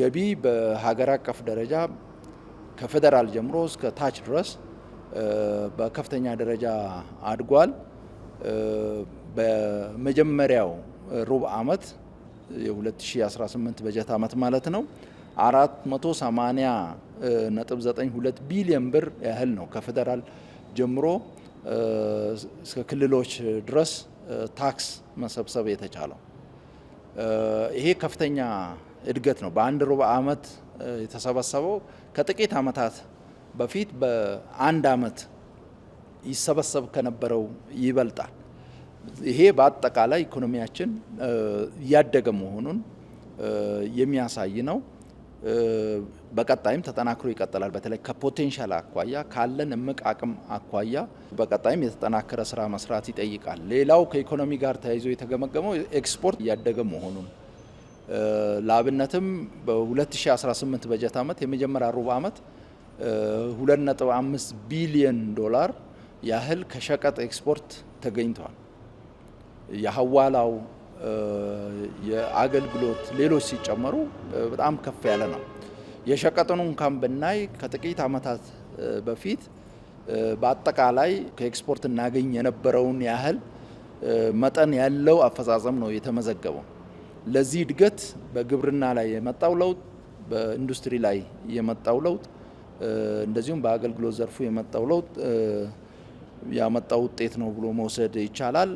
ገቢ በሀገር አቀፍ ደረጃ ከፌደራል ጀምሮ እስከ ታች ድረስ በከፍተኛ ደረጃ አድጓል። በመጀመሪያው ሩብ ዓመት የ2018 በጀት ዓመት ማለት ነው 480.92 ቢሊዮን ብር ያህል ነው ከፌዴራል ጀምሮ እስከ ክልሎች ድረስ ታክስ መሰብሰብ የተቻለው። ይሄ ከፍተኛ እድገት ነው። በአንድ ሩብ ዓመት የተሰበሰበው ከጥቂት ዓመታት በፊት በአንድ ዓመት ይሰበሰብ ከነበረው ይበልጣል። ይሄ በአጠቃላይ ኢኮኖሚያችን እያደገ መሆኑን የሚያሳይ ነው። በቀጣይም ተጠናክሮ ይቀጥላል። በተለይ ከፖቴንሻል አኳያ ካለን እምቅ አቅም አኳያ በቀጣይም የተጠናከረ ስራ መስራት ይጠይቃል። ሌላው ከኢኮኖሚ ጋር ተያይዞ የተገመገመው ኤክስፖርት እያደገ መሆኑን ለአብነትም በ2018 በጀት ዓመት የመጀመሪያ ሩብ ዓመት 2.5 ቢሊዮን ዶላር ያህል ከሸቀጥ ኤክስፖርት ተገኝተዋል። የሀዋላው የአገልግሎት ሌሎች ሲጨመሩ በጣም ከፍ ያለ ነው። የሸቀጥኑ እንኳን ብናይ ከጥቂት ዓመታት በፊት በአጠቃላይ ከኤክስፖርት እናገኝ የነበረውን ያህል መጠን ያለው አፈጻጸም ነው የተመዘገበው። ለዚህ እድገት በግብርና ላይ የመጣው ለውጥ፣ በኢንዱስትሪ ላይ የመጣው ለውጥ፣ እንደዚሁም በአገልግሎት ዘርፉ የመጣው ለውጥ ያመጣው ውጤት ነው ብሎ መውሰድ ይቻላል።